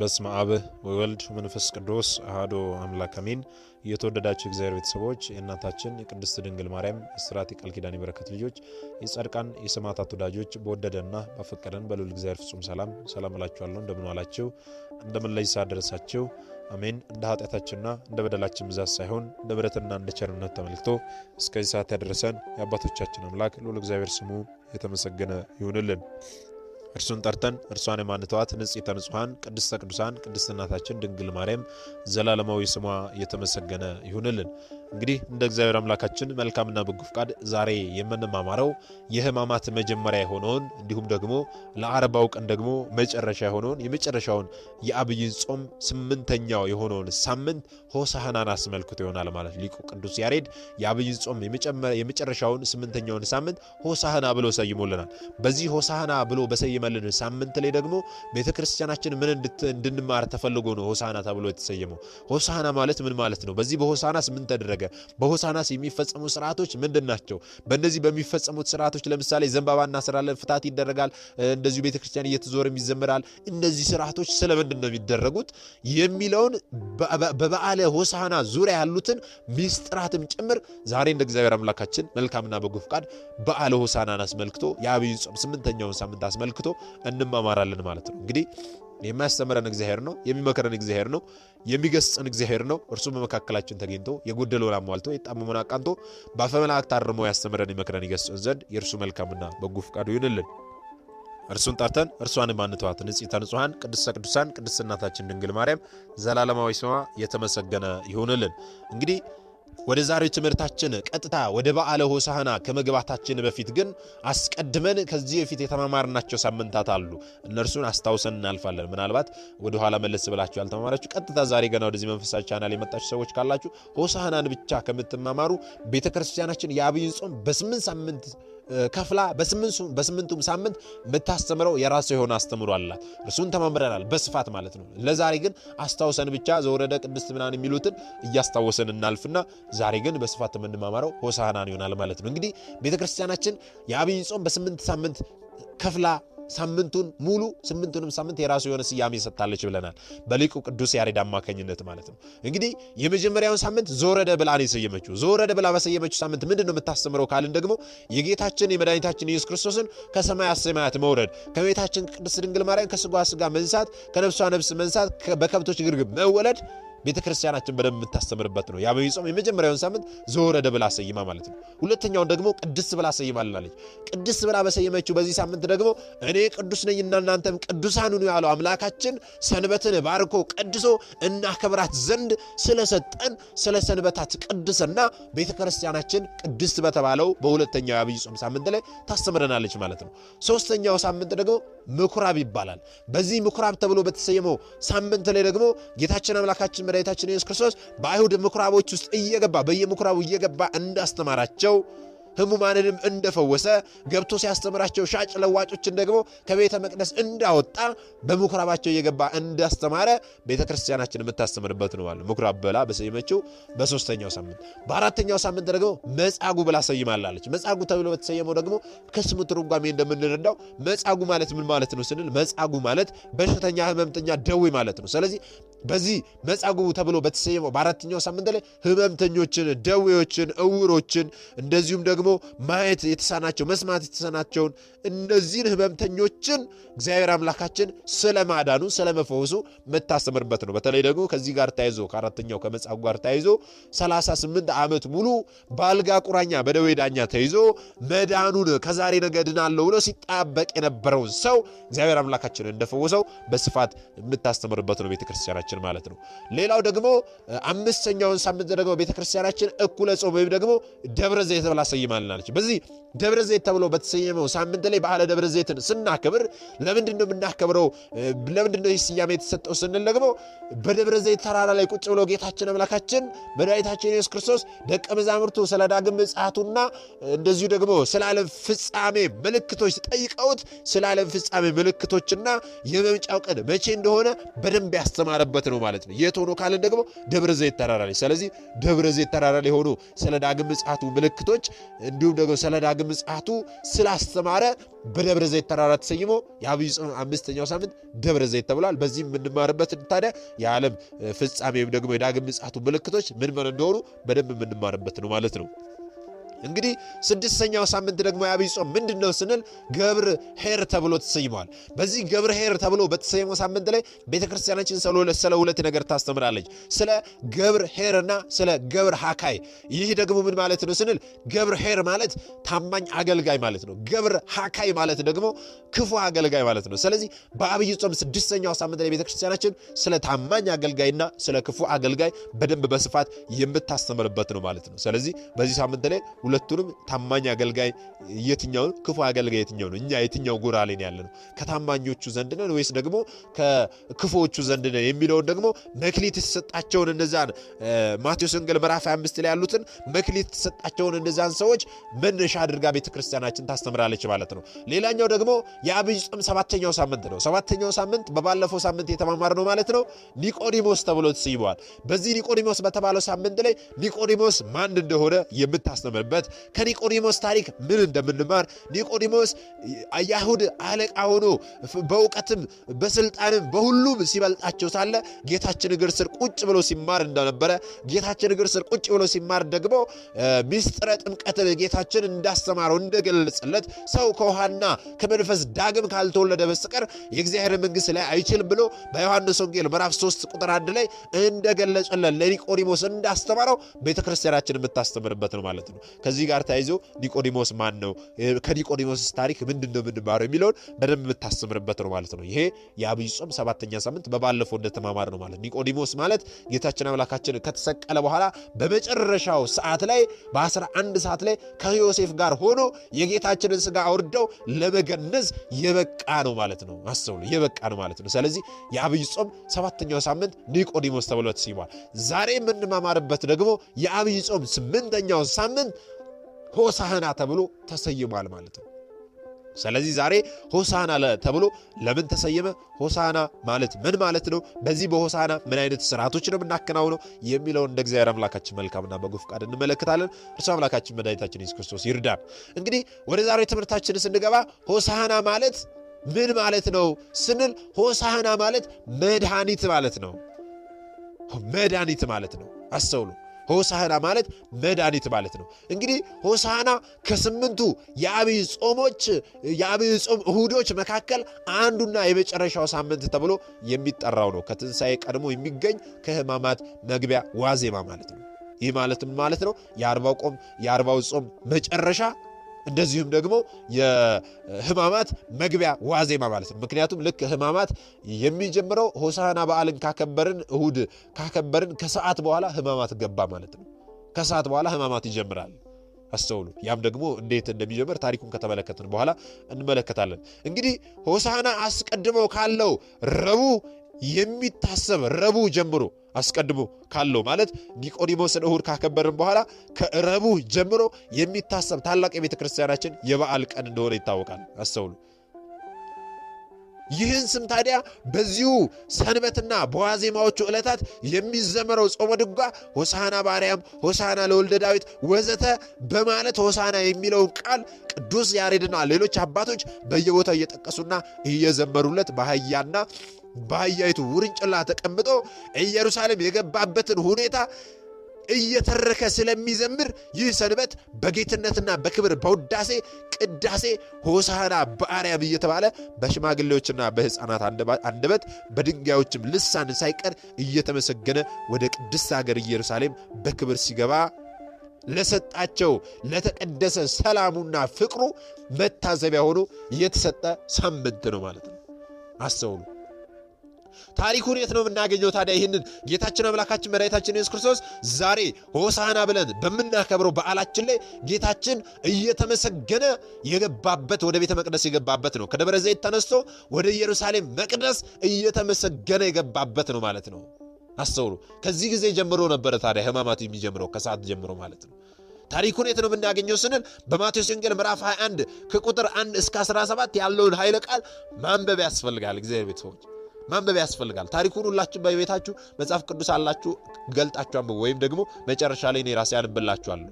በስመ አብ ወወልድ መንፈስ ቅዱስ አሐዱ አምላክ አሜን። የተወደዳችሁ እግዚአብሔር ቤተሰቦች የእናታችን የቅድስት ድንግል ማርያም የስራት የቃል ኪዳን የበረከት ልጆች የጻድቃን የሰማዕታት ወዳጆች በወደደና በፈቀደን በልዑል እግዚአብሔር ፍጹም ሰላም ሰላም እላችኋለሁ። እንደምን ዋላችሁ? እንደምን ላይ ሰዓት አሜን። እንደ ኃጢአታችንና እንደ በደላችን ብዛት ሳይሆን እንደ ምሕረቱና እንደ ቸርነት ተመልክቶ እስከዚህ ሰዓት ያደረሰን የአባቶቻችን አምላክ ልዑል እግዚአብሔር ስሙ የተመሰገነ ይሁንልን። እርሱን ጠርተን እርሷን የማንተዋት ንጽሕተ ንጹሐን ቅድስተ ቅዱሳን ቅድስት እናታችን ድንግል ማርያም ዘላለማዊ ስሟ እየተመሰገነ ይሁንልን። እንግዲህ እንደ እግዚአብሔር አምላካችን መልካምና በጎ ፍቃድ ዛሬ የምንማማረው የሕማማት መጀመሪያ የሆነውን እንዲሁም ደግሞ ለአርባው ቀን ደግሞ መጨረሻ የሆነውን የመጨረሻውን የአብይን ጾም ስምንተኛው የሆነውን ሳምንት ሆሳህናን አስመልክቶ ይሆናል ማለት ሊቁ ቅዱስ ያሬድ የአብይን ጾም የመጨረሻውን ስምንተኛውን ሳምንት ሆሳህና ብሎ ሰይሞልናል። በዚህ ሆሳህና ብሎ በሰይመልን ሳምንት ላይ ደግሞ ቤተ ክርስቲያናችን ምን እንድንማር ተፈልጎ ነው ሆሳህና ተብሎ የተሰየመው? ሆሳህና ማለት ምን ማለት ነው? በዚህ በሆሳህናስ ስምንት ተደረገ? ተደረገ? በሆሳናስ የሚፈጸሙ ስርዓቶች ምንድን ናቸው? በእነዚህ በሚፈጸሙት ስርዓቶች ለምሳሌ ዘንባባ እናስራለን፣ ፍታት ይደረጋል፣ እንደዚሁ ቤተክርስቲያን እየተዞረ ይዘምራል። እነዚህ ስርዓቶች ስለምንድን ነው የሚደረጉት የሚለውን በበዓለ ሆሳና ዙሪያ ያሉትን ሚስጥራትም ጭምር ዛሬ እንደ እግዚአብሔር አምላካችን መልካምና በጎ ፈቃድ በዓለ ሆሳናን አስመልክቶ የአብይ ጾም ስምንተኛውን ሳምንት አስመልክቶ እንማማራለን ማለት ነው እንግዲህ የሚያስተምረን እግዚአብሔር ነው። የሚመክረን እግዚአብሔር ነው። የሚገስጽን እግዚአብሔር ነው። እርሱ በመካከላችን ተገኝቶ የጎደለውን አሟልቶ የጣመመን አቃንቶ በአፈ መላእክት አርሞ ያስተምረን፣ ይመክረን፣ ይገስጽን ዘንድ የእርሱ መልካምና በጎ ፍቃዱ ይሁንልን። እርሱን ጠርተን እርሷን ማንተዋት ንጽሕተ ንጹሐን ቅድስተ ቅዱሳን ቅድስት እናታችን ድንግል ማርያም ዘላለማዊ ስሟ የተመሰገነ ይሁንልን። እንግዲህ ወደ ዛሬው ትምህርታችን ቀጥታ ወደ በዓለ ሆሳዕና ከመግባታችን በፊት ግን አስቀድመን ከዚህ በፊት የተማማርናቸው ሳምንታት አሉ። እነርሱን አስታውሰን እናልፋለን። ምናልባት ወደኋላ መለስ ብላችሁ ያልተማማራችሁ ቀጥታ ዛሬ ገና ወደዚህ መንፈሳዊ ቻናል የመጣችሁ ሰዎች ካላችሁ ሆሳዕናን ብቻ ከምትማማሩ ቤተ ክርስቲያናችን የአብይን ጾም በስምንት ሳምንት ከፍላ በስምንቱም ሳምንት የምታስተምረው የራሱ የሆነ አስተምሮ አላት። እርሱን ተማምረናል በስፋት ማለት ነው። ለዛሬ ግን አስታውሰን ብቻ ዘወረደ ቅድስት ምናን የሚሉትን እያስታወሰን እናልፍና ዛሬ ግን በስፋት የምንማማረው ሆሳናን ይሆናል ማለት ነው። እንግዲህ ቤተክርስቲያናችን የአብይ ጾም በስምንት ሳምንት ከፍላ ሳምንቱን ሙሉ ስምንቱንም ሳምንት የራሱ የሆነ ስያሜ ሰጥታለች ብለናል። በሊቁ ቅዱስ ያሬድ አማካኝነት ማለት ነው። እንግዲህ የመጀመሪያውን ሳምንት ዞረደ ብላ ነው የሰየመችው። ዞረደ ብላ በሰየመችው ሳምንት ምንድን ነው የምታስተምረው ካልን ደግሞ የጌታችን የመድኃኒታችን ኢየሱስ ክርስቶስን ከሰማያ ሰማያት መውረድ፣ ከቤታችን ቅድስት ድንግል ማርያም ከስጋ ስጋ መንሳት፣ ከነፍሷ ነፍስ መንሳት፣ በከብቶች ግርግብ መወለድ ቤተ ክርስቲያናችን በደንብ የምታስተምርበት ነው። የአብይ ጾም የመጀመሪያውን ሳምንት ዘወረደ ብላ ሰይማ ማለት ነው። ሁለተኛውን ደግሞ ቅድስት ብላ ሰይማልናለች። ቅድስት ብላ በሰየመችው በዚህ ሳምንት ደግሞ እኔ ቅዱስ ነኝና እናንተም ቅዱሳን ሁኑ ያለው አምላካችን ሰንበትን ባርኮ ቀድሶ እናከብራት ዘንድ ስለሰጠን ስለ ሰንበታት ቅድስና ቤተ ክርስቲያናችን ቅድስት በተባለው በሁለተኛው የአብይ ጾም ሳምንት ላይ ታስተምረናለች ማለት ነው። ሶስተኛው ሳምንት ደግሞ ምኩራብ ይባላል። በዚህ ምኩራብ ተብሎ በተሰየመው ሳምንት ላይ ደግሞ ጌታችን አምላካችን መድኃኒታችን ኢየሱስ ክርስቶስ በአይሁድ ምኩራቦች ውስጥ እየገባ በየምኩራቡ እየገባ እንዳስተማራቸው ህሙማንንም እንደፈወሰ ገብቶ ሲያስተምራቸው ሻጭ ለዋጮችን ደግሞ ከቤተ መቅደስ እንዳወጣ በምኩራባቸው እየገባ እንዳስተማረ ቤተ ክርስቲያናችን የምታስተምርበት ነው አለ። ምኩራብ ብላ በሰየመችው በሶስተኛው ሳምንት። በአራተኛው ሳምንት ደግሞ መጻጉ ብላ ሰይማላለች። መጻጉ ተብሎ በተሰየመው ደግሞ ከስሙ ትርጓሜ እንደምንረዳው መጻጉ ማለት ምን ማለት ነው ስንል መጻጉ ማለት በሽተኛ፣ ህመምተኛ ደዌ ማለት ነው። ስለዚህ በዚህ መጻጉዕ ተብሎ በተሰየመው በአራተኛው ሳምንት ላይ ህመምተኞችን ደዌዎችን፣ እውሮችን እንደዚሁም ደግሞ ማየት የተሳናቸው መስማት የተሳናቸውን እነዚህን ህመምተኞችን እግዚአብሔር አምላካችን ስለ ማዳኑ ስለ መፈወሱ የምታስተምርበት ነው። በተለይ ደግሞ ከዚህ ጋር ተያይዞ ከአራተኛው ከመጻጉዕ ጋር ተያይዞ 38 ዓመት ሙሉ በአልጋ ቁራኛ በደዌ ዳኛ ተይዞ መዳኑን ከዛሬ ነገ ድናለሁ ብሎ ሲጣበቅ የነበረውን ሰው እግዚአብሔር አምላካችን እንደፈወሰው በስፋት የምታስተምርበት ነው ቤተክርስቲያናችን። ቤተክርስቲያናችን ማለት ነው። ሌላው ደግሞ አምስተኛውን ሳምንት ደግሞ ቤተክርስቲያናችን እኩለ ጾም ወይም ደግሞ ደብረ ዘይት ብላ ሰይማልናለች። በዚህ ደብረ ዘይት ተብሎ በተሰየመው ሳምንት ላይ በዓለ ደብረ ዘይትን ስናከብር ለምንድን ነው የምናከብረው? ለምንድን ነው ይህ ስያሜ የተሰጠው ስንል ደግሞ በደብረ ዘይት ተራራ ላይ ቁጭ ብሎ ጌታችን አምላካችን መድኃኒታችን ኢየሱስ ክርስቶስ ደቀ መዛሙርቱ ስለ ዳግም ምጽአቱና እንደዚሁ ደግሞ ስለ ዓለም ፍጻሜ ምልክቶች ጠይቀውት ስለ ዓለም ፍጻሜ ምልክቶችና የመምጫው ቀን መቼ እንደሆነ በደንብ ያስተማረበት ያሉበት ነው ማለት ነው። የት ሆኖ ካለን ደግሞ ደብረ ዘይት ተራራ ላይ። ስለዚህ ደብረ ዘይት ተራራ ላይ ሆኖ ስለ ዳግም ምጽአቱ ምልክቶች እንዲሁም ደግሞ ስለ ዳግም ምጽአቱ ስላስተማረ በደብረ ዘይት ተራራ ተሰይሞ የአብይ ጾም አምስተኛው ሳምንት ደብረ ዘይት ተብሏል። በዚህም የምንማርበት ታዲያ የዓለም ፍጻሜ ወይም ደግሞ የዳግም ምጽአቱ ምልክቶች ምን ምን እንደሆኑ በደንብ የምንማርበት ነው ማለት ነው። እንግዲህ ስድስተኛው ሳምንት ደግሞ የአብይ ጾም ምንድን ነው ስንል ገብር ኄር ተብሎ ተሰይመዋል። በዚህ ገብር ኄር ተብሎ በተሰየመው ሳምንት ላይ ቤተክርስቲያናችን ስለ ሁለት ነገር ታስተምራለች፣ ስለ ገብር ኄር እና ስለ ገብር ሐካይ። ይህ ደግሞ ምን ማለት ነው ስንል ገብር ኄር ማለት ታማኝ አገልጋይ ማለት ነው። ገብር ሐካይ ማለት ደግሞ ክፉ አገልጋይ ማለት ነው። ስለዚህ በአብይ ጾም ስድስተኛው ሳምንት ላይ ቤተክርስቲያናችን ስለ ታማኝ አገልጋይና ስለ ክፉ አገልጋይ በደንብ በስፋት የምታስተምርበት ነው ማለት ነው። ስለዚህ በዚህ ሳምንት ላይ ሁለቱንም ታማኝ አገልጋይ የትኛውን ክፉ አገልጋይ የትኛው ነው? እኛ የትኛው ጎራ ላይ ያለ ነው? ከታማኞቹ ዘንድ ነን ወይስ ደግሞ ከክፉዎቹ ዘንድ ነን የሚለውን ደግሞ መክሊት የተሰጣቸውን እነዛን ማቴዎስ ወንጌል ምዕራፍ አምስት ላይ ያሉትን መክሊት የተሰጣቸውን እነዛን ሰዎች መነሻ አድርጋ ቤተ ክርስቲያናችን ታስተምራለች ማለት ነው። ሌላኛው ደግሞ የአብይ ጾም ሰባተኛው ሳምንት ነው። ሰባተኛው ሳምንት በባለፈው ሳምንት የተማማር ነው ማለት ነው። ኒቆዲሞስ ተብሎ ተስይበዋል። በዚህ ኒቆዲሞስ በተባለው ሳምንት ላይ ኒቆዲሞስ ማን እንደሆነ የምታስተምርበት ዓመት ከኒቆዲሞስ ታሪክ ምን እንደምንማር ኒቆዲሞስ አይሁድ አለቃ ሆኖ በእውቀትም በስልጣንም በሁሉም ሲበልጣቸው ሳለ ጌታችን እግር ስር ቁጭ ብሎ ሲማር እንደነበረ ጌታችን እግር ስር ቁጭ ብሎ ሲማር ደግሞ ሚስጥረ ጥምቀትን ጌታችን እንዳስተማረው እንደገለጽለት ሰው ከውሃና ከመንፈስ ዳግም ካልተወለደ በስተቀር የእግዚአብሔር መንግሥት ላይ አይችልም ብሎ በዮሐንስ ወንጌል ምዕራፍ 3 ቁጥር 1 ላይ እንደገለጸለት ለኒቆዲሞስ እንዳስተማረው ቤተ ክርስቲያናችን የምታስተምርበት ነው ማለት ነው። ከዚህ ጋር ተያይዞ ኒቆዲሞስ ማን ነው፣ ከኒቆዲሞስ ታሪክ ምንድን ነው የምንማረው የሚለውን በደንብ የምታስምርበት ነው ማለት ነው። ይሄ የአብይ ጾም ሰባተኛ ሳምንት በባለፈው እንደተማማር ነው ማለት ኒቆዲሞስ ማለት ጌታችን አምላካችን ከተሰቀለ በኋላ በመጨረሻው ሰዓት ላይ በ11 ሰዓት ላይ ከዮሴፍ ጋር ሆኖ የጌታችንን ስጋ አውርደው ለመገነዝ የበቃ ነው ማለት ነው። አስብ የበቃ ነው ማለት ነው። ስለዚህ የአብይ ጾም ሰባተኛው ሳምንት ኒቆዲሞስ ተብሎ ተሰይሟል። ዛሬ የምንማማርበት ደግሞ የአብይ ጾም ስምንተኛው ሳምንት ሆሳህና ተብሎ ተሰይሟል ማለት ነው። ስለዚህ ዛሬ ሆሳና ተብሎ ለምን ተሰየመ? ሆሳና ማለት ምን ማለት ነው? በዚህ በሆሳና ምን አይነት ስርዓቶች ነው የምናከናውነው የሚለውን እንደ እግዚአብሔር አምላካችን መልካምና በጎ ፍቃድ እንመለከታለን። እርሱ አምላካችን መድኃኒታችን ኢየሱስ ክርስቶስ ይርዳል። እንግዲህ ወደ ዛሬ ትምህርታችን ስንገባ ሆሳና ማለት ምን ማለት ነው ስንል ሆሳና ማለት መድኃኒት ማለት ነው። መድኃኒት ማለት ነው። አስተውሉ። ሆሳህና ማለት መድኃኒት ማለት ነው። እንግዲህ ሆሳህና ከስምንቱ የአብይ ጾሞች የአብይ ጾም እሁዶች መካከል አንዱና የመጨረሻው ሳምንት ተብሎ የሚጠራው ነው። ከትንሣኤ ቀድሞ የሚገኝ ከህማማት መግቢያ ዋዜማ ማለት ነው። ይህ ማለትም ማለት ነው የአርባው ጾም መጨረሻ እንደዚሁም ደግሞ የህማማት መግቢያ ዋዜማ ማለት ነው። ምክንያቱም ልክ ህማማት የሚጀምረው ሆሳና በዓልን ካከበርን እሁድ ካከበርን ከሰዓት በኋላ ህማማት ገባ ማለት ነው። ከሰዓት በኋላ ህማማት ይጀምራል። አስተውሉ። ያም ደግሞ እንዴት እንደሚጀምር ታሪኩን ከተመለከትን በኋላ እንመለከታለን። እንግዲህ ሆሳና አስቀድመው ካለው ረቡዕ የሚታሰብ ረቡዕ ጀምሮ አስቀድሞ ካለው ማለት ኒቆዲሞስን እሁድ ካከበርን በኋላ ከረቡዕ ጀምሮ የሚታሰብ ታላቅ የቤተ ክርስቲያናችን የበዓል ቀን እንደሆነ ይታወቃል። አስተውሉ። ይህን ስም ታዲያ በዚሁ ሰንበትና በዋዜማዎቹ ዕለታት የሚዘመረው ጾመ ድጓ ሆሳና ባርያም፣ ሆሳና ለወልደ ዳዊት ወዘተ በማለት ሆሳና የሚለውን ቃል ቅዱስ ያሬድና ሌሎች አባቶች በየቦታው እየጠቀሱና እየዘመሩለት በአህያና በአህያይቱ ውርንጭላ ተቀምጦ ኢየሩሳሌም የገባበትን ሁኔታ እየተረከ ስለሚዘምር ይህ ሰንበት በጌትነትና በክብር በውዳሴ ቅዳሴ ሆሳና በአርያም እየተባለ በሽማግሌዎችና በሕፃናት አንደበት በድንጋዮችም ልሳን ሳይቀር እየተመሰገነ ወደ ቅድስት ሀገር ኢየሩሳሌም በክብር ሲገባ ለሰጣቸው ለተቀደሰ ሰላሙና ፍቅሩ መታዘቢያ ሆኖ የተሰጠ ሳምንት ነው ማለት ነው። አስተውሉ። ታሪኩን የት ነው የምናገኘው ታዲያ? ይህንን ጌታችን አምላካችን መድኃኒታችን ኢየሱስ ክርስቶስ ዛሬ ሆሳና ብለን በምናከብረው በዓላችን ላይ ጌታችን እየተመሰገነ የገባበት ወደ ቤተ መቅደስ የገባበት ነው። ከደብረ ዘይት ተነስቶ ወደ ኢየሩሳሌም መቅደስ እየተመሰገነ የገባበት ነው ማለት ነው። አስተውሉ። ከዚህ ጊዜ ጀምሮ ነበረ ታዲያ ሕማማቱ የሚጀምረው ከሰዓት ጀምሮ ማለት ነው። ታሪኩን የት ነው የምናገኘው ስንል በማቴዎስ ወንጌል ምዕራፍ 21 ከቁጥር 1 እስከ 17 ያለውን ኃይለ ቃል ማንበብ ያስፈልጋል። እግዚአብሔር ቤተሰቦች ማንበብ ያስፈልጋል። ታሪኩን ሁላችሁ በቤታችሁ መጽሐፍ ቅዱስ አላችሁ ገልጣችሁ አንብቡ፣ ወይም ደግሞ መጨረሻ ላይ እኔ ራሴ አንብላችኋለሁ።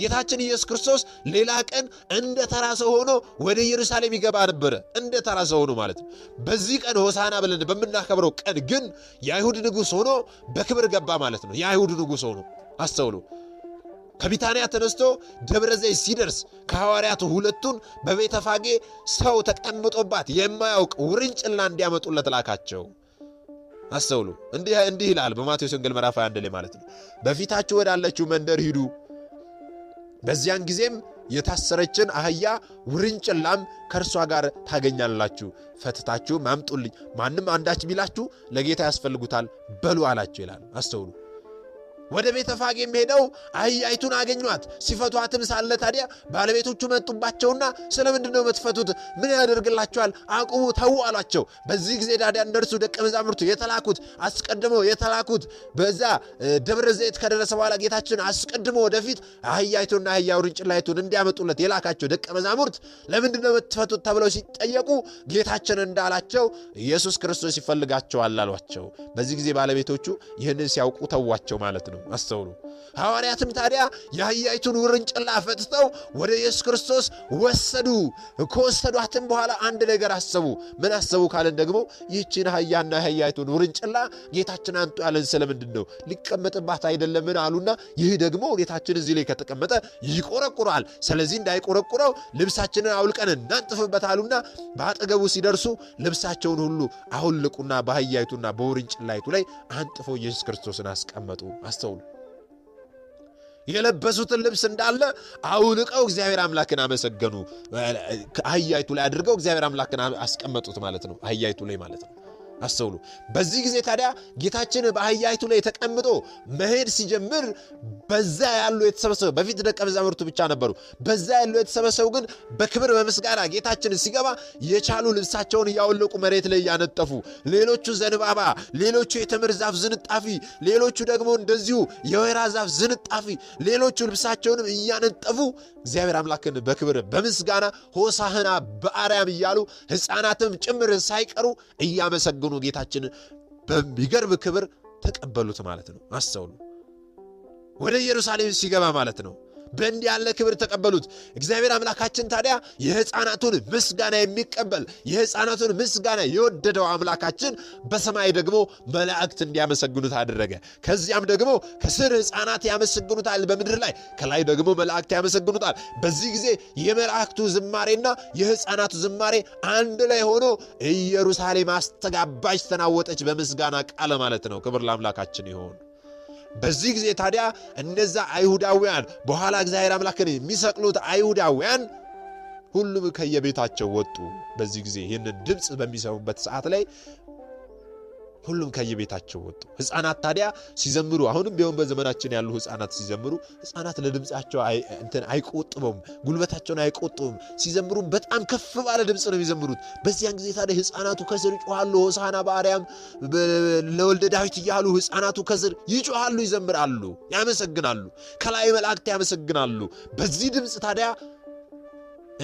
ጌታችን ኢየሱስ ክርስቶስ ሌላ ቀን እንደ ተራ ሰው ሆኖ ወደ ኢየሩሳሌም ይገባ ነበረ። እንደ ተራ ሰው ሆኖ ማለት ነው። በዚህ ቀን ሆሳና ብለን በምናከብረው ቀን ግን የአይሁድ ንጉሥ ሆኖ በክብር ገባ ማለት ነው። የአይሁድ ንጉሥ ሆኖ አስተውሉ። ከቢታንያ ተነስቶ ደብረ ዘይት ሲደርስ ከሐዋርያቱ ሁለቱን በቤተፋጌ ሰው ተቀምጦባት የማያውቅ ውርንጭላ እንዲያመጡለት ላካቸው። አስተውሉ። እንዲህ እንዲህ ይላል በማቴዎስ ወንጌል ምዕራፍ 21 ላይ ማለት ነው። በፊታችሁ ወዳለችው መንደር ሂዱ፣ በዚያን ጊዜም የታሰረችን አህያ ውርንጭላም ከእርሷ ጋር ታገኛላችሁ፣ ፈትታችሁ ማምጡልኝ። ማንም አንዳች ቢላችሁ ለጌታ ያስፈልጉታል በሉ አላቸው ይላል። አስተውሉ። ወደ ቤተ ፋግ የሚሄደው አህያይቱን አገኟት። ሲፈቷትም ሳለ ታዲያ ባለቤቶቹ መጡባቸውና ስለምንድን ነው የምትፈቱት? ምን ያደርግላቸዋል? አቁሙ፣ ተዉ አሏቸው። በዚህ ጊዜ ዳዲያ እነርሱ ደቀ መዛሙርቱ የተላኩት አስቀድሞ የተላኩት በዛ ደብረ ዘይት ከደረሰ በኋላ ጌታችን አስቀድሞ ወደፊት አህያይቱና አህያ ውርንጭላይቱን እንዲያመጡለት የላካቸው ደቀ መዛሙርት ለምንድን ነው የምትፈቱት ተብለው ሲጠየቁ ጌታችን እንዳላቸው ኢየሱስ ክርስቶስ ይፈልጋቸዋል አሏቸው። በዚህ ጊዜ ባለቤቶቹ ይህንን ሲያውቁ ተዋቸው ማለት ነው። ነው። አስተውሉ። ሐዋርያትም ታዲያ የአህያይቱን ውርንጭላ ፈትተው ወደ ኢየሱስ ክርስቶስ ወሰዱ። ከወሰዷትም በኋላ አንድ ነገር አሰቡ። ምን አሰቡ ካለን ደግሞ ይህችን አህያና የአህያይቱን ውርንጭላ ጌታችን አንጡ ያለን ስለምንድን ነው? ሊቀመጥባት አይደለምን አሉና ይህ ደግሞ ጌታችን እዚህ ላይ ከተቀመጠ ይቆረቁረዋል። ስለዚህ እንዳይቆረቁረው ልብሳችንን አውልቀን እናንጥፍበት አሉና በአጠገቡ ሲደርሱ ልብሳቸውን ሁሉ አውልቁና በአህያይቱና በውርንጭላይቱ ላይ አንጥፎ ኢየሱስ ክርስቶስን አስቀመጡ። አስተውሉ። የለበሱትን ልብስ እንዳለ አውልቀው እግዚአብሔር አምላክን አመሰገኑ። አህያይቱ ላይ አድርገው እግዚአብሔር አምላክን አስቀመጡት ማለት ነው። አህያይቱ ላይ ማለት ነው። አስተውሉ። በዚህ ጊዜ ታዲያ ጌታችን በአህያይቱ ላይ ተቀምጦ መሄድ ሲጀምር በዛ ያሉ የተሰበሰበ በፊት ደቀ መዛሙርቱ ብቻ ነበሩ። በዛ ያሉ የተሰበሰቡ ግን በክብር በምስጋና ጌታችን ሲገባ የቻሉ ልብሳቸውን እያወለቁ መሬት ላይ እያነጠፉ፣ ሌሎቹ ዘንባባ፣ ሌሎቹ የተምር ዛፍ ዝንጣፊ፣ ሌሎቹ ደግሞ እንደዚሁ የወይራ ዛፍ ዝንጣፊ፣ ሌሎቹ ልብሳቸውንም እያነጠፉ እግዚአብሔር አምላክን በክብር በምስጋና ሆሳህና በአርያም እያሉ ህፃናትም ጭምር ሳይቀሩ እያመሰግ ያመሰገኑ ጌታችን በሚገርም ክብር ተቀበሉት ማለት ነው። አስተውሉ። ወደ ኢየሩሳሌም ሲገባ ማለት ነው በእንዲህ ያለ ክብር ተቀበሉት። እግዚአብሔር አምላካችን ታዲያ የሕፃናቱን ምስጋና የሚቀበል የሕፃናቱን ምስጋና የወደደው አምላካችን በሰማይ ደግሞ መላእክት እንዲያመሰግኑት አደረገ። ከዚያም ደግሞ ከስር ሕፃናት ያመሰግኑታል በምድር ላይ፣ ከላይ ደግሞ መላእክት ያመሰግኑታል። በዚህ ጊዜ የመላእክቱ ዝማሬና የሕፃናቱ ዝማሬ አንድ ላይ ሆኖ ኢየሩሳሌም አስተጋባች፣ ተናወጠች በምስጋና ቃለ ማለት ነው። ክብር ለአምላካችን ይሆን። በዚህ ጊዜ ታዲያ እነዛ አይሁዳውያን በኋላ እግዚአብሔር አምላክን የሚሰቅሉት አይሁዳውያን ሁሉም ከየቤታቸው ወጡ። በዚህ ጊዜ ይህንን ድምፅ በሚሰሙበት ሰዓት ላይ ሁሉም ከየቤታቸው ወጡ። ህፃናት ታዲያ ሲዘምሩ፣ አሁንም ቢሆን በዘመናችን ያሉ ህፃናት ሲዘምሩ ህፃናት ለድምፃቸው አይቆጥቡም፣ ጉልበታቸውን አይቆጥቡም። ሲዘምሩ በጣም ከፍ ባለ ድምፅ ነው የሚዘምሩት። በዚያን ጊዜ ታዲያ ህፃናቱ ከስር ይጮሃሉ፣ ሆሳና በአርያም ለወልደ ዳዊት እያሉ ህፃናቱ ከስር ይጮሃሉ፣ ይዘምራሉ፣ ያመሰግናሉ። ከላይ መላእክት ያመሰግናሉ። በዚህ ድምፅ ታዲያ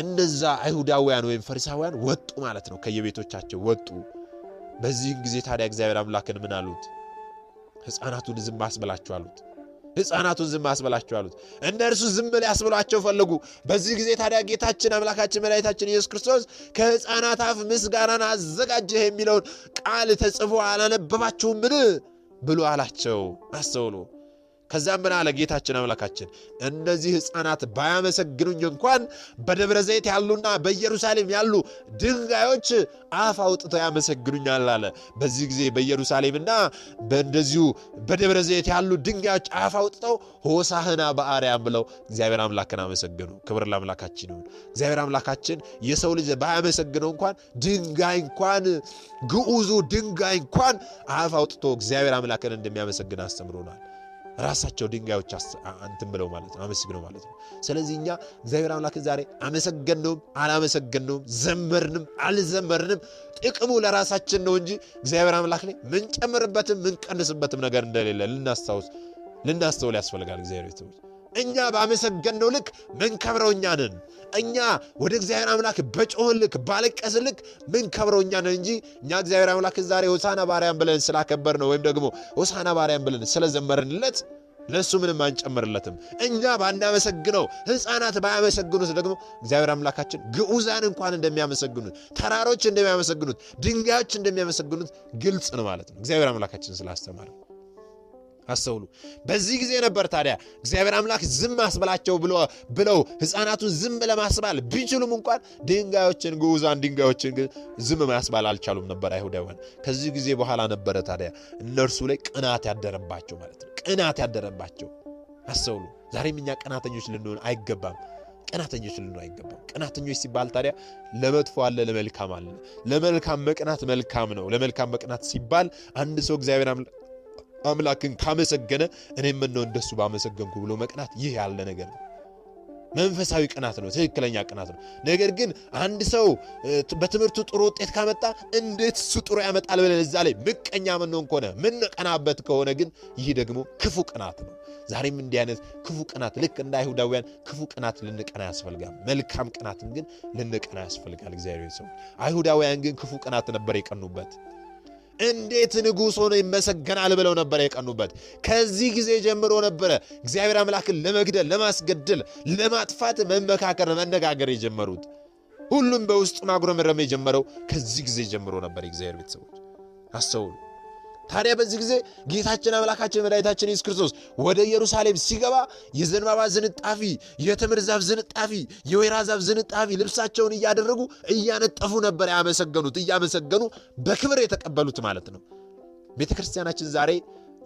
እነዛ አይሁዳውያን ወይም ፈሪሳውያን ወጡ ማለት ነው። ከየቤቶቻቸው ወጡ። በዚህን ጊዜ ታዲያ እግዚአብሔር አምላክን ምን አሉት? ሕፃናቱን ዝም አስበላችሁ አሉት። ሕፃናቱን ዝም አስበላችሁ አሉት። እነርሱ ዝም ሊያስብሏቸው ፈለጉ። በዚህ ጊዜ ታዲያ ጌታችን አምላካችን መድኃኒታችን ኢየሱስ ክርስቶስ ከሕፃናት አፍ ምስጋናን አዘጋጀህ የሚለውን ቃል ተጽፎ አላነበባችሁምን ብሎ አላቸው። አስተውሉ። ከዚያም ምን አለ ጌታችን አምላካችን፣ እነዚህ ሕፃናት ባያመሰግኑኝ እንኳን በደብረ ዘይት ያሉና በኢየሩሳሌም ያሉ ድንጋዮች አፍ አውጥተው ያመሰግኑኛል አለ። በዚህ ጊዜ በኢየሩሳሌምና በእንደዚሁ በደብረ ዘይት ያሉ ድንጋዮች አፍ አውጥተው ሆሳህና በአርያም ብለው እግዚአብሔር አምላክን አመሰገኑ። ክብር ለአምላካችን ይሁን። እግዚአብሔር አምላካችን የሰው ልጅ ባያመሰግነው እንኳን ድንጋይ እንኳን ግዑዙ ድንጋይ እንኳን አፍ አውጥቶ እግዚአብሔር አምላክን እንደሚያመሰግን አስተምሮናል። ራሳቸው ድንጋዮች እንትን ብለው ማለት ነው አመስግነው ማለት ነው። ስለዚህ እኛ እግዚአብሔር አምላክን ዛሬ አመሰገንነውም አላመሰገንነውም ዘመርንም አልዘመርንም ጥቅሙ ለራሳችን ነው እንጂ እግዚአብሔር አምላክ ላይ ምንጨምርበትም ምንቀንስበትም ነገር እንደሌለ ልናስታውስ ልናስተውል ያስፈልጋል። እግዚአብሔር ቤተሰቦች እኛ ባመሰገንነው ልክ ምንከብረው እኛ ነን። እኛ ወደ እግዚአብሔር አምላክ በጮህን ልክ ባለቀስን ልክ ምንከብረው እኛ ነን እንጂ እኛ እግዚአብሔር አምላክ ዛሬ ሆሳና ባርያም ብለን ስላከበር ነው ወይም ደግሞ ሆሳና ባርያም ብለን ስለዘመርንለት ለእሱ ምንም አንጨምርለትም። እኛ ባናመሰግነው፣ ሕፃናት ባያመሰግኑት ደግሞ እግዚአብሔር አምላካችን ግዑዛን እንኳን እንደሚያመሰግኑት፣ ተራሮች እንደሚያመሰግኑት፣ ድንጋዮች እንደሚያመሰግኑት ግልጽ ነው ማለት ነው እግዚአብሔር አምላካችን ስላስተማረ አስተውሉ። በዚህ ጊዜ ነበር ታዲያ እግዚአብሔር አምላክ ዝም አስበላቸው ብለው ሕፃናቱን ዝም ለማስባል ቢችሉም እንኳን ድንጋዮችን ግዑዛን ድንጋዮችን ግን ዝም ማስባል አልቻሉም ነበር አይሁዳውያን። ከዚህ ጊዜ በኋላ ነበረ ታዲያ እነርሱ ላይ ቅናት ያደረባቸው ማለት ነው። ቅናት ያደረባቸው አስተውሉ። ዛሬም እኛ ቅናተኞች ልንሆን አይገባም። ቅናተኞች ልንሆን አይገባም። ቅናተኞች ሲባል ታዲያ ለመጥፎ አለ፣ ለመልካም አለ። ለመልካም መቅናት መልካም ነው። ለመልካም መቅናት ሲባል አንድ ሰው እግዚአብሔር አምላክን ካመሰገነ እኔም ምነው እንደሱ ባመሰገንኩ ብሎ መቅናት ይህ ያለ ነገር ነው። መንፈሳዊ ቅናት ነው። ትክክለኛ ቅናት ነው። ነገር ግን አንድ ሰው በትምህርቱ ጥሩ ውጤት ካመጣ እንዴት እሱ ጥሩ ያመጣል ብለን እዛ ላይ ምቀኛ ምንሆን ከሆነ ምንቀናበት ከሆነ ግን ይህ ደግሞ ክፉ ቅናት ነው። ዛሬም እንዲህ አይነት ክፉ ቅናት ልክ እንደ አይሁዳውያን ክፉ ቅናት ልንቀና ያስፈልጋል። መልካም ቅናትን ግን ልንቀና ያስፈልጋል። እግዚአብሔር ሰው አይሁዳውያን ግን ክፉ ቅናት ነበር የቀኑበት። እንዴት ንጉሥ ሆኖ ይመሰገናል ብለው ነበረ የቀኑበት። ከዚህ ጊዜ ጀምሮ ነበረ እግዚአብሔር አምላክን ለመግደል፣ ለማስገደል፣ ለማጥፋት መመካከር፣ መነጋገር የጀመሩት። ሁሉም በውስጡ ማጉረምረም የጀመረው ከዚህ ጊዜ ጀምሮ ነበር። የእግዚአብሔር ቤተሰቦች አስተውሉ። ታዲያ በዚህ ጊዜ ጌታችን አምላካችን መድኃኒታችን ኢየሱስ ክርስቶስ ወደ ኢየሩሳሌም ሲገባ የዘንባባ ዝንጣፊ፣ የተምር ዛፍ ዝንጣፊ፣ የወይራ ዛፍ ዝንጣፊ ልብሳቸውን እያደረጉ እያነጠፉ ነበር ያመሰገኑት፣ እያመሰገኑ በክብር የተቀበሉት ማለት ነው። ቤተ ክርስቲያናችን ዛሬ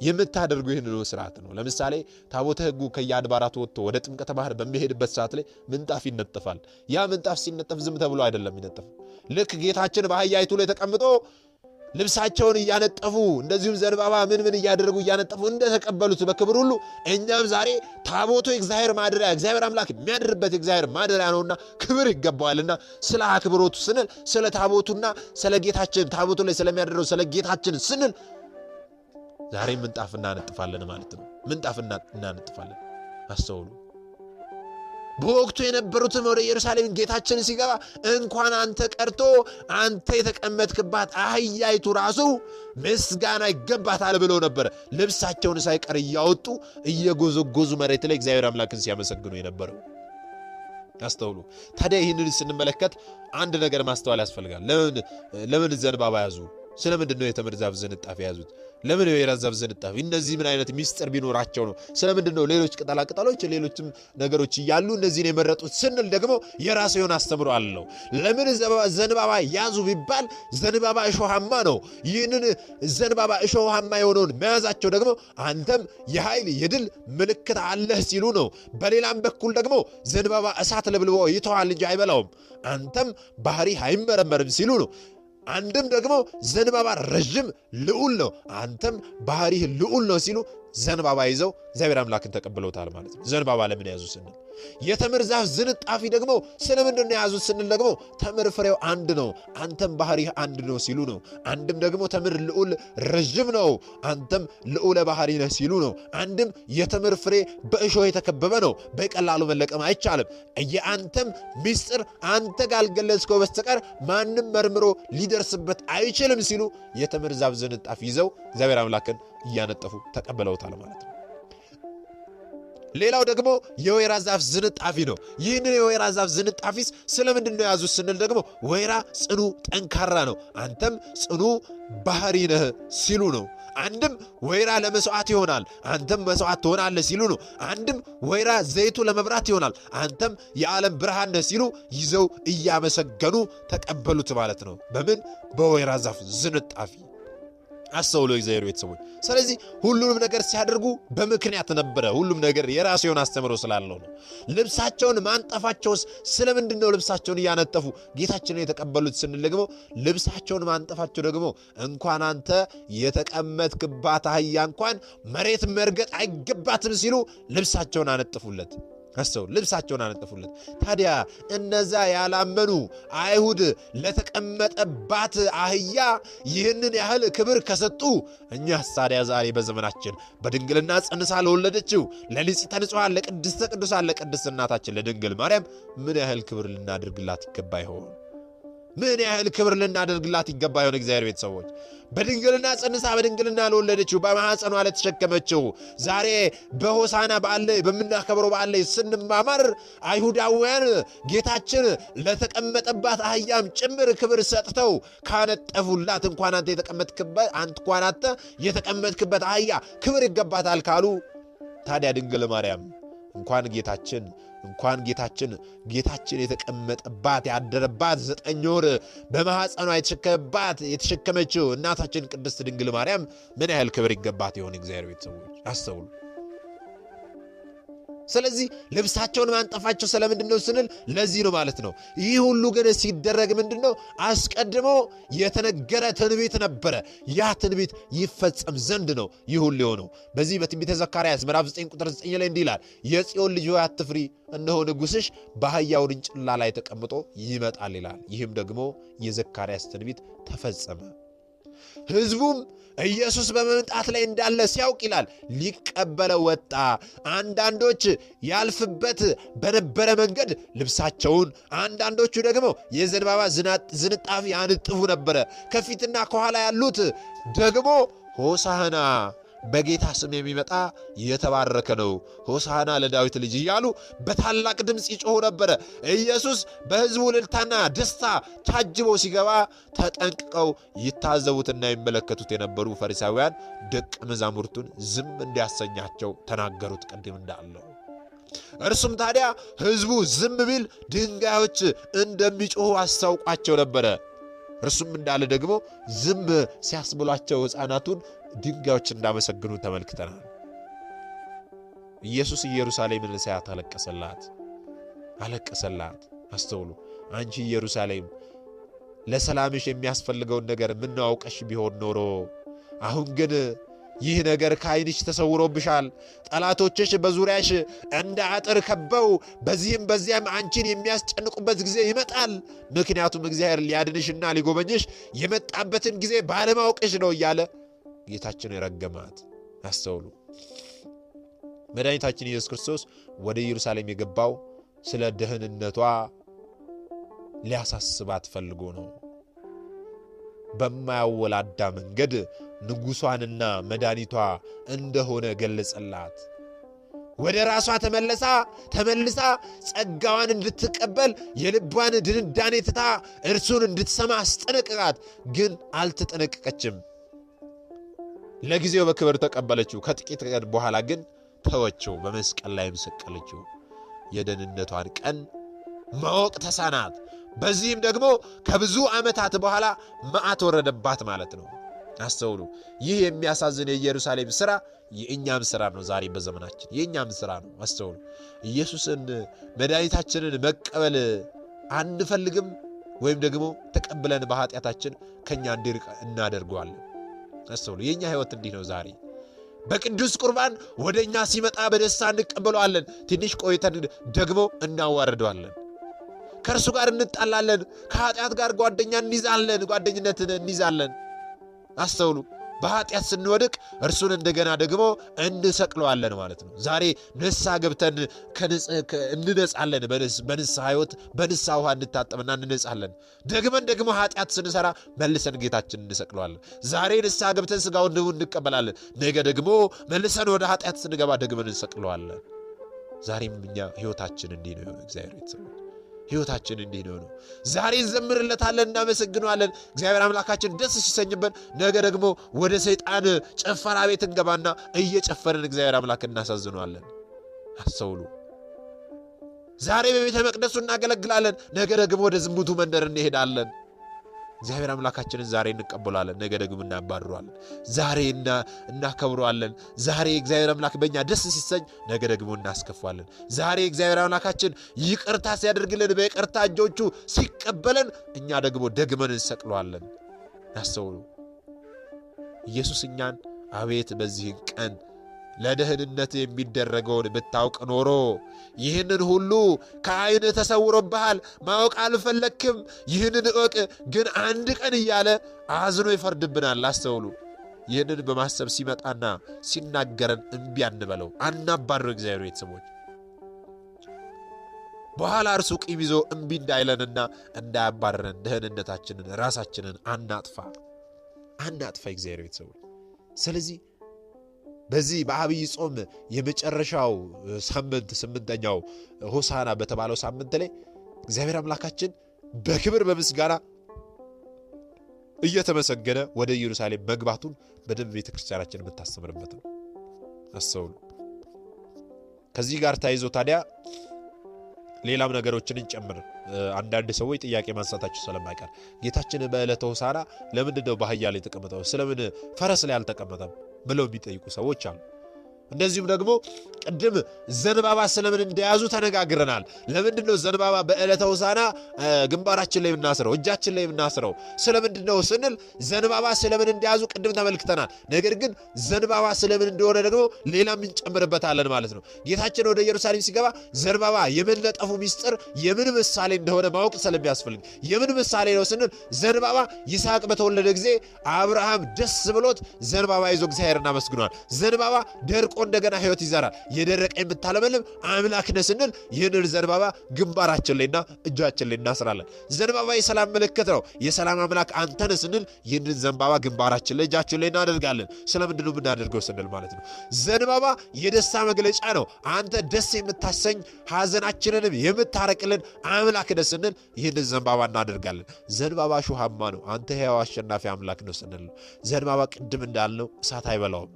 የምታደርጉ ይህንኑ ስርዓት ነው። ለምሳሌ ታቦተ ሕጉ ከየአድባራት ወጥቶ ወደ ጥምቀተ ባህር በሚሄድበት ሰዓት ላይ ምንጣፍ ይነጠፋል። ያ ምንጣፍ ሲነጠፍ ዝም ተብሎ አይደለም ይነጠፍ። ልክ ጌታችን በአህያይቱ ላይ ተቀምጦ ልብሳቸውን እያነጠፉ እንደዚሁም ዘንባባ ምን ምን እያደረጉ እያነጠፉ እንደተቀበሉት በክብር ሁሉ እኛም ዛሬ ታቦቱ የእግዚአብሔር ማደሪያ እግዚአብሔር አምላክ የሚያድርበት የእግዚአብሔር ማደሪያ ነውና ክብር ይገባዋልና ስለ አክብሮቱ ስንል ስለ ታቦቱና ስለ ጌታችን ታቦቱ ላይ ስለሚያደረው ስለ ጌታችን ስንል ዛሬ ምንጣፍ እናነጥፋለን ማለት ነው። ምንጣፍ እናነጥፋለን። አስተውሉ። በወቅቱ የነበሩትም ወደ ኢየሩሳሌም ጌታችን ሲገባ እንኳን አንተ ቀርቶ አንተ የተቀመጥክባት አህያይቱ ራሱ ምስጋና ይገባታል ብለው ነበር። ልብሳቸውን ሳይቀር እያወጡ እየጎዘጎዙ መሬት ላይ እግዚአብሔር አምላክን ሲያመሰግኑ የነበረው አስተውሉ። ታዲያ ይህንን ስንመለከት አንድ ነገር ማስተዋል ያስፈልጋል። ለምን ዘንባባ ያዙ? ስለምንድን ነው የተምር ዛፍ ዝንጣፊ የያዙት? ለምን የረዘብ ዝንጣፊ? እነዚህ ምን አይነት ሚስጥር ቢኖራቸው ነው? ስለምንድን ነው ሌሎች ቅጠላቅጠሎች፣ ሌሎችም ነገሮች እያሉ እነዚህን የመረጡት ስንል ደግሞ የራሱ የሆነ አስተምሮ አለው። ለምን ዘንባባ ያዙ ቢባል ዘንባባ እሾሃማ ነው። ይህንን ዘንባባ እሾሃማ የሆነውን መያዛቸው ደግሞ አንተም የኃይል የድል ምልክት አለህ ሲሉ ነው። በሌላም በኩል ደግሞ ዘንባባ እሳት ለብልቦ ይተዋል እንጂ አይበላውም፣ አንተም ባህሪ አይመረመርም ሲሉ ነው። አንድም ደግሞ ዘንባባ ረዥም ልዑል ነው፣ አንተም ባህሪህ ልዑል ነው ሲሉ ዘንባባ ይዘው እግዚአብሔር አምላክን ተቀብለውታል ማለት ነው። ዘንባባ ለምን ያዙ ስንል የተምር ዛፍ ዝንጣፊ ደግሞ ስለምንድን ነው የያዙት ስንል ደግሞ ተምር ፍሬው አንድ ነው፣ አንተም ባህሪህ አንድ ነው ሲሉ ነው። አንድም ደግሞ ተምር ልዑል ረዥም ነው፣ አንተም ልዑለ ባህሪ ነህ ሲሉ ነው። አንድም የተምር ፍሬ በእሾህ የተከበበ ነው፣ በቀላሉ መለቀም አይቻልም። የአንተም ምስጢር አንተ አልገለጽከው በስተቀር ማንም መርምሮ ሊደርስበት አይችልም ሲሉ የተምር ዛፍ ዝንጣፊ ይዘው እግዚአብሔር አምላክን እያነጠፉ ተቀበለውታል ማለት ነው። ሌላው ደግሞ የወይራ ዛፍ ዝንጣፊ ነው። ይህንን የወይራ ዛፍ ዝንጣፊስ ስለምንድን ነው የያዙት ስንል ደግሞ ወይራ ጽኑ ጠንካራ ነው፣ አንተም ጽኑ ባህሪ ነህ ሲሉ ነው። አንድም ወይራ ለመስዋዕት ይሆናል፣ አንተም መስዋዕት ትሆናለህ ሲሉ ነው። አንድም ወይራ ዘይቱ ለመብራት ይሆናል፣ አንተም የዓለም ብርሃን ነህ ሲሉ ይዘው እያመሰገኑ ተቀበሉት ማለት ነው። በምን በወይራ ዛፍ ዝንጣፊ አስተውሎ እግዚአብሔር ቤተሰቦች። ስለዚህ ሁሉንም ነገር ሲያደርጉ በምክንያት ነበረ። ሁሉም ነገር የራሱ የሆነ አስተምሮ ስላለው ነው። ልብሳቸውን ማንጠፋቸውስ ስለምንድን ነው? ልብሳቸውን እያነጠፉ ጌታችንን የተቀበሉት ስንል ደግሞ ልብሳቸውን ማንጠፋቸው ደግሞ እንኳን አንተ የተቀመጥክባት አህያ እንኳን መሬት መርገጥ አይገባትም ሲሉ ልብሳቸውን አነጥፉለት። ከሰው ልብሳቸውን አነጠፉለት። ታዲያ እነዛ ያላመኑ አይሁድ ለተቀመጠባት አህያ ይህንን ያህል ክብር ከሰጡ እኛ ሳዲያ ዛሬ በዘመናችን በድንግልና ጸንሳ ለወለደችው ለንጽሕተ ንጹሐን ለቅድስተ ቅዱሳን ለቅድስት እናታችን ለድንግል ማርያም ምን ያህል ክብር ልናደርግላት ይገባ ይሆን? ምን ያህል ክብር ልናደርግላት ይገባ ይሆን? እግዚአብሔር ቤተሰቦች በድንግልና ጸንሳ በድንግልና ለወለደችው በማኅፀኗ ለተሸከመችው ዛሬ በሆሳና በዓል ላይ በምናከብረው በዓል ላይ ስንማማር አይሁዳውያን ጌታችን ለተቀመጠባት አህያም ጭምር ክብር ሰጥተው ካነጠፉላት እንኳን አንተ የተቀመጥክበት እንኳን አንተ የተቀመጥክበት አህያ ክብር ይገባታል ካሉ ታዲያ ድንግል ማርያም እንኳን ጌታችን እንኳን ጌታችን ጌታችን የተቀመጠባት ያደረባት ዘጠኝ ወር በማኅፀኗ የተሸከመባት የተሸከመችው እናታችን ቅድስት ድንግል ማርያም ምን ያህል ክብር ይገባት የሆን እግዚአብሔር ቤተሰቦች አስተውሉ። ስለዚህ ልብሳቸውን ማንጠፋቸው ስለምንድን ነው ስንል ለዚህ ነው ማለት ነው። ይህ ሁሉ ግን ሲደረግ ምንድን ነው አስቀድሞ የተነገረ ትንቢት ነበረ። ያ ትንቢት ይፈጸም ዘንድ ነው ይህ ሁሉ የሆነው። በዚህ በትንቢተ ዘካርያስ ምዕራፍ 9 ቁጥር 9 ላይ እንዲህ ይላል፣ የጽዮን ልጅ ሆይ አትፍሪ፣ እነሆ ንጉሥሽ በአህያ ውርንጭላ ላይ ተቀምጦ ይመጣል ይላል። ይህም ደግሞ የዘካርያስ ትንቢት ተፈጸመ። ህዝቡም ኢየሱስ በመምጣት ላይ እንዳለ ሲያውቅ ይላል ሊቀበለው ወጣ። አንዳንዶች ያልፍበት በነበረ መንገድ ልብሳቸውን፣ አንዳንዶቹ ደግሞ የዘንባባ ዝንጣፊ ያንጥፉ ነበረ። ከፊትና ከኋላ ያሉት ደግሞ ሆሳህና በጌታ ስም የሚመጣ የተባረከ ነው፣ ሆሳና ለዳዊት ልጅ እያሉ በታላቅ ድምፅ ይጮሁ ነበረ። ኢየሱስ በሕዝቡ እልልታና ደስታ ታጅቦ ሲገባ ተጠንቅቀው ይታዘቡትና ይመለከቱት የነበሩ ፈሪሳውያን ደቀ መዛሙርቱን ዝም እንዲያሰኛቸው ተናገሩት። ቅድም እንዳለው እርሱም ታዲያ ሕዝቡ ዝም ቢል ድንጋዮች እንደሚጮሁ አስታውቋቸው ነበረ። እርሱም እንዳለ ደግሞ ዝም ሲያስብሏቸው ሕፃናቱን ድንጋዮች እንዳመሰግኑ ተመልክተናል። ኢየሱስ ኢየሩሳሌምን ሲያያት አለቀሰላት፣ አለቀሰላት። አስተውሉ። አንቺ ኢየሩሳሌም ለሰላምሽ የሚያስፈልገውን ነገር ምነው ቢሆን ኖሮ፣ አሁን ግን ይህ ነገር ከዓይንሽ ተሰውሮብሻል። ጠላቶችሽ በዙሪያሽ እንደ አጥር ከበው በዚህም በዚያም አንቺን የሚያስጨንቁበት ጊዜ ይመጣል። ምክንያቱም እግዚአብሔር ሊያድንሽና ሊጎበኝሽ የመጣበትን ጊዜ ባለማወቅሽ ነው እያለ ጌታችን የረገማት አስተውሉ። መድኃኒታችን ኢየሱስ ክርስቶስ ወደ ኢየሩሳሌም የገባው ስለ ደህንነቷ ሊያሳስባት ፈልጎ ነው። በማያወላዳ መንገድ ንጉሷንና መድኃኒቷ እንደሆነ ገለጸላት። ወደ ራሷ ተመለሳ ተመልሳ ጸጋዋን እንድትቀበል የልቧን ድንዳኔ ትታ እርሱን እንድትሰማ አስጠነቅቃት። ግን አልተጠነቀቀችም። ለጊዜው በክብር ተቀበለችው። ከጥቂት ቀን በኋላ ግን ተወችው፣ በመስቀል ላይም ሰቀለችው። የደህንነቷን ቀን ማወቅ ተሳናት። በዚህም ደግሞ ከብዙ ዓመታት በኋላ መዓት ወረደባት ማለት ነው። አስተውሉ። ይህ የሚያሳዝን የኢየሩሳሌም ስራ የእኛም ስራ ነው። ዛሬ በዘመናችን የእኛም ስራ ነው። አስተውሉ። ኢየሱስን መድኃኒታችንን መቀበል አንፈልግም፣ ወይም ደግሞ ተቀብለን በኃጢአታችን ከእኛ እንዲርቅ እናደርገዋለን። አስተውሉ። የእኛ ህይወት እንዲህ ነው። ዛሬ በቅዱስ ቁርባን ወደ እኛ ሲመጣ በደስታ እንቀበለዋለን። ትንሽ ቆይተን ደግሞ እናዋርደዋለን። ከእርሱ ጋር እንጣላለን። ከኃጢአት ጋር ጓደኛ እንይዛለን፣ ጓደኝነትን እንይዛለን። አስተውሉ። በኃጢአት ስንወድቅ እርሱን እንደገና ደግሞ እንሰቅለዋለን ማለት ነው። ዛሬ ንስሐ ገብተን እንነጻለን። በንስሐ ሕይወት በንስሐ ውሃ እንታጠብና እንነጻለን። ደግመን ደግሞ ኃጢአት ስንሰራ መልሰን ጌታችን እንሰቅለዋለን። ዛሬ ንስሐ ገብተን ስጋው ደሙ እንቀበላለን። ነገ ደግሞ መልሰን ወደ ኃጢአት ስንገባ ደግመን እንሰቅለዋለን። ዛሬም እኛ ሕይወታችን እንዲህ ነው። እግዚአብሔር ቤተሰቦች ህይወታችን እንዲህ ነው። ዛሬ እንዘምርለታለን፣ እናመሰግነዋለን። እግዚአብሔር አምላካችን ደስ ሲሰኝበን ነገ ደግሞ ወደ ሰይጣን ጭፈራ ቤት እንገባና እየጨፈርን እግዚአብሔር አምላክ እናሳዝነዋለን። አስተውሉ። ዛሬ በቤተ መቅደሱ እናገለግላለን፣ ነገ ደግሞ ወደ ዝሙቱ መንደር እንሄዳለን። እግዚአብሔር አምላካችንን ዛሬ እንቀበላለን፣ ነገ ደግሞ እናባርረዋለን። ዛሬ እናከብረዋለን። ዛሬ እግዚአብሔር አምላክ በእኛ ደስ ሲሰኝ፣ ነገ ደግሞ እናስከፋለን። ዛሬ እግዚአብሔር አምላካችን ይቅርታ ሲያደርግልን፣ በይቅርታ እጆቹ ሲቀበለን፣ እኛ ደግሞ ደግመን እንሰቅለዋለን። ናስተውሉ ኢየሱስ እኛን አቤት በዚህ ቀን ለደህንነት የሚደረገውን ብታውቅ ኖሮ ይህንን ሁሉ ከዓይን ተሰውሮብሃል፣ ማወቅ አልፈለግክም። ይህንን እወቅ ግን አንድ ቀን እያለ አዝኖ ይፈርድብናል። አስተውሉ። ይህንን በማሰብ ሲመጣና ሲናገረን እምቢ አንበለው፣ አናባድረው። እግዚአብሔር ቤተሰቦች በኋላ እርሱ ቂም ይዞ እምቢ እንዳይለንና እንዳያባረረን ደህንነታችንን ራሳችንን አናጥፋ፣ አናጥፋ። እግዚአብሔር ቤተሰቦች ስለዚህ በዚህ በአብይ ጾም የመጨረሻው ሳምንት ስምንተኛው ሆሳና በተባለው ሳምንት ላይ እግዚአብሔር አምላካችን በክብር በምስጋና እየተመሰገነ ወደ ኢየሩሳሌም መግባቱን በደንብ ቤተ ክርስቲያናችን የምታስተምርበት ነው። አስተውሉ። ከዚህ ጋር ተያይዞ ታዲያ ሌላም ነገሮችን እንጨምር። አንዳንድ ሰዎች ጥያቄ ማንሳታቸው ስለማይቀር ጌታችን በዕለተ ሆሳና ለምንድን ነው በአህያ ላይ የተቀመጠው? ስለምን ፈረስ ላይ አልተቀመጠም? ብለው ቢጠይቁ ሰዎች አሉ። እንደዚሁም ደግሞ ቅድም ዘንባባ ስለምን እንደያዙ ተነጋግረናል። ለምንድን ነው ዘንባባ በዕለተ ሆሳዕና ግንባራችን ላይ የምናስረው እጃችን ላይ የምናስረው ስለምንድን ነው ስንል ዘንባባ ስለምን እንደያዙ ቅድም ተመልክተናል። ነገር ግን ዘንባባ ስለምን እንደሆነ ደግሞ ሌላም እንጨምርበታለን ማለት ነው። ጌታችን ወደ ኢየሩሳሌም ሲገባ ዘንባባ የመነጠፉ ሚስጥር የምን ምሳሌ እንደሆነ ማወቅ ስለሚያስፈልግ የምን ምሳሌ ነው ስንል ዘንባባ ይስሐቅ በተወለደ ጊዜ አብርሃም ደስ ብሎት ዘንባባ ይዞ እግዚአብሔርን አመስግኗል። ዘንባባ ደርቆ እንደገና ህይወት ይዘራል። የደረቀ የምታለመልም አምላክ ነህ ስንል ይህንን ዘንባባ ግንባራችን ላይና እጃችን ላይ እናስራለን። ዘንባባ የሰላም ምልክት ነው። የሰላም አምላክ አንተ ነህ ስንል ይህንን ዘንባባ ግንባራችን ላይ እጃችን ላይ እናደርጋለን። ስለምንድን ነው የምናደርገው ስንል ማለት ነው። ዘንባባ የደስታ መግለጫ ነው። አንተ ደስ የምታሰኝ ሀዘናችንንም የምታረቅልን አምላክ ነህ ስንል ይህንን ዘንባባ እናደርጋለን። ዘንባባ እሾሃማ ነው። አንተ ሕያው አሸናፊ አምላክ ነው ስንል ዘንባባ ቅድም እንዳልነው እሳት አይበላውም።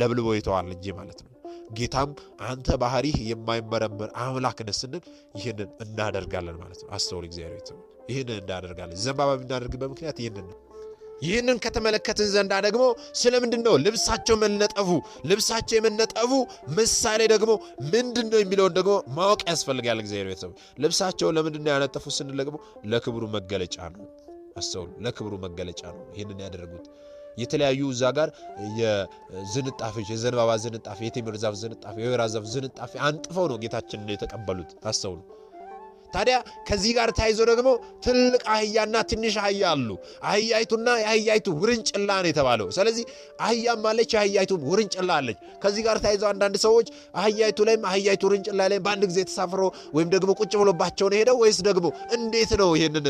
ለብልቦ ይተዋል እንጂ ማለት ነው። ጌታም አንተ ባህሪህ የማይመረምር አምላክን ስንል ይህንን እናደርጋለን ማለት ነው። አስተውል እግዚአብሔር ቤት ይህንን እናደርጋለን። ዘንባባ የምናደርግበት ምክንያት ይህንን ነው። ይህንን ከተመለከትን ዘንዳ ደግሞ ስለምንድን ነው ልብሳቸው መነጠፉ? ልብሳቸው የመነጠፉ ምሳሌ ደግሞ ምንድን ነው የሚለውን ደግሞ ማወቅ ያስፈልጋል። እግዚአብሔር ቤተሰብ ልብሳቸው ለምንድን ነው ያነጠፉ ስንል ደግሞ ለክብሩ መገለጫ ነው። አስተውሉ፣ ለክብሩ መገለጫ ነው ይህንን ያደረጉት። የተለያዩ እዛ ጋር የዝንጣፊዎች የዘንባባ ዝንጣፊ፣ የቴምር ዛፍ ዝንጣፊ፣ የወይራ ዛፍ ዝንጣፊ አንጥፈው ነው ጌታችንን የተቀበሉት። አስተውሉ። ታዲያ ከዚህ ጋር ተያይዞ ደግሞ ትልቅ አህያና ትንሽ አህያ አሉ። አህያይቱና የአህያይቱ ውርንጭላ ነው የተባለው። ስለዚህ አህያም አለች፣ የአህያይቱ ውርንጭላ አለች። ከዚህ ጋር ተያይዞ አንዳንድ ሰዎች አህያይቱ ላይም አህያይቱ ውርንጭላ ላይም በአንድ ጊዜ ተሳፍሮ ወይም ደግሞ ቁጭ ብሎባቸው ነው ሄደው ወይስ ደግሞ እንዴት ነው ይህንን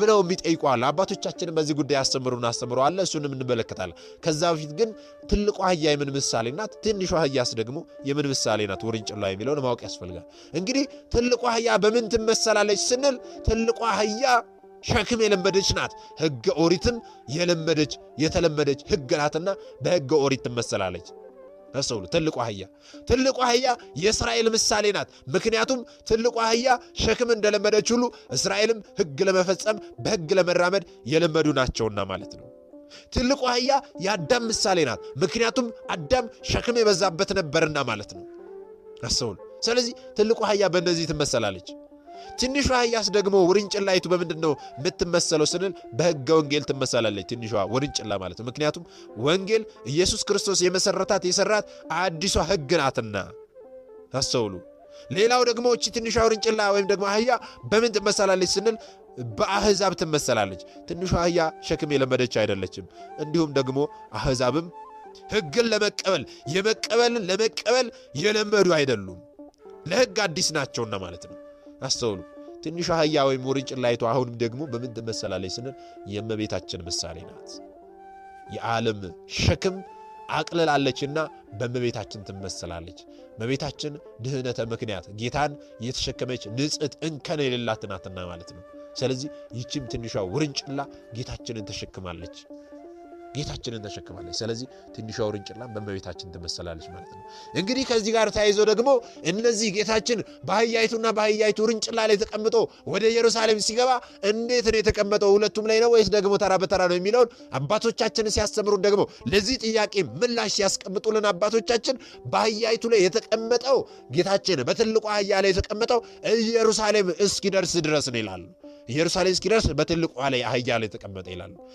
ብለው የሚጠይቋል። አባቶቻችንም በዚህ ጉዳይ አስተምሩን አስተምረዋል። እሱንም እንመለከታለን። ከዛ በፊት ግን ትልቁ አህያ የምን ምሳሌ ናት? ትንሹ አህያስ ደግሞ የምን ምሳሌ ናት? ውርንጭላ የሚለውን ማወቅ ያስፈልጋል። እንግዲህ ትልቁ አህያ በምን ትመ ትመሰላለች ስንል ትልቋ አህያ ሸክም የለመደች ናት። ሕገ ኦሪትም የለመደች የተለመደች ሕግ ናትና በሕገ ኦሪት ትመሰላለች። አስተውሉ። ትልቋ አህያ ትልቋ አህያ የእስራኤል ምሳሌ ናት። ምክንያቱም ትልቋ አህያ ሸክም እንደለመደች ሁሉ እስራኤልም ሕግ ለመፈጸም በሕግ ለመራመድ የለመዱ ናቸውና ማለት ነው። ትልቁ አህያ የአዳም ምሳሌ ናት። ምክንያቱም አዳም ሸክም የበዛበት ነበርና ማለት ነው። አስተውሉ። ስለዚህ ትልቁ አህያ በእነዚህ ትመሰላለች። ትንሿ አህያስ ደግሞ ውርንጭላይቱ በምንድን ነው የምትመሰለው ስንል በሕገ ወንጌል ትመሰላለች። ትንሿ ውርንጭላ ማለት ነው። ምክንያቱም ወንጌል ኢየሱስ ክርስቶስ የመሰረታት የሰራት አዲሷ ሕግ ናትና አስተውሉ። ሌላው ደግሞ እቺ ትንሿ ውርንጭላ ወይም ደግሞ አህያ በምን ትመሰላለች ስንል በአህዛብ ትመሰላለች። ትንሿ አህያ ሸክም የለመደች አይደለችም። እንዲሁም ደግሞ አህዛብም ህግን ለመቀበል የመቀበልን ለመቀበል የለመዱ አይደሉም። ለሕግ አዲስ ናቸውና ማለት ነው። አስተውሉ። ትንሿ አህያ ወይም ውርንጭላ አይቶ አሁንም ደግሞ በምን ትመሰላለች ስንል የእመቤታችን ምሳሌ ናት። የዓለም ሸክም አቅልላለችና በእመቤታችን ትመሰላለች። እመቤታችን ድህነተ ምክንያት ጌታን የተሸከመች ንጽሕት እንከን የሌላት ናትና ማለት ነው። ስለዚህ ይችም ትንሿ ውርንጭላ ጌታችንን ተሸክማለች። ጌታችንን ተሸክማለች። ስለዚህ ትንሿ ውርንጭላ በእመቤታችን ትመሰላለች ማለት ነው። እንግዲህ ከዚህ ጋር ተያይዞ ደግሞ እነዚህ ጌታችን በአህያይቱና በአህያይቱ ውርንጭላ ላይ ተቀምጦ ወደ ኢየሩሳሌም ሲገባ እንዴት ነው የተቀመጠው? ሁለቱም ላይ ነው ወይስ ደግሞ ተራ በተራ ነው የሚለውን አባቶቻችን ሲያስተምሩን ደግሞ ለዚህ ጥያቄ ምላሽ ሲያስቀምጡልን አባቶቻችን በአህያይቱ ላይ የተቀመጠው ጌታችን በትልቁ አህያ ላይ የተቀመጠው ኢየሩሳሌም እስኪደርስ ድረስ ነው ይላሉ። ኢየሩሳሌም እስኪደርስ በትልቁ ላይ አህያ ላይ ተቀመጠ ይላሉ።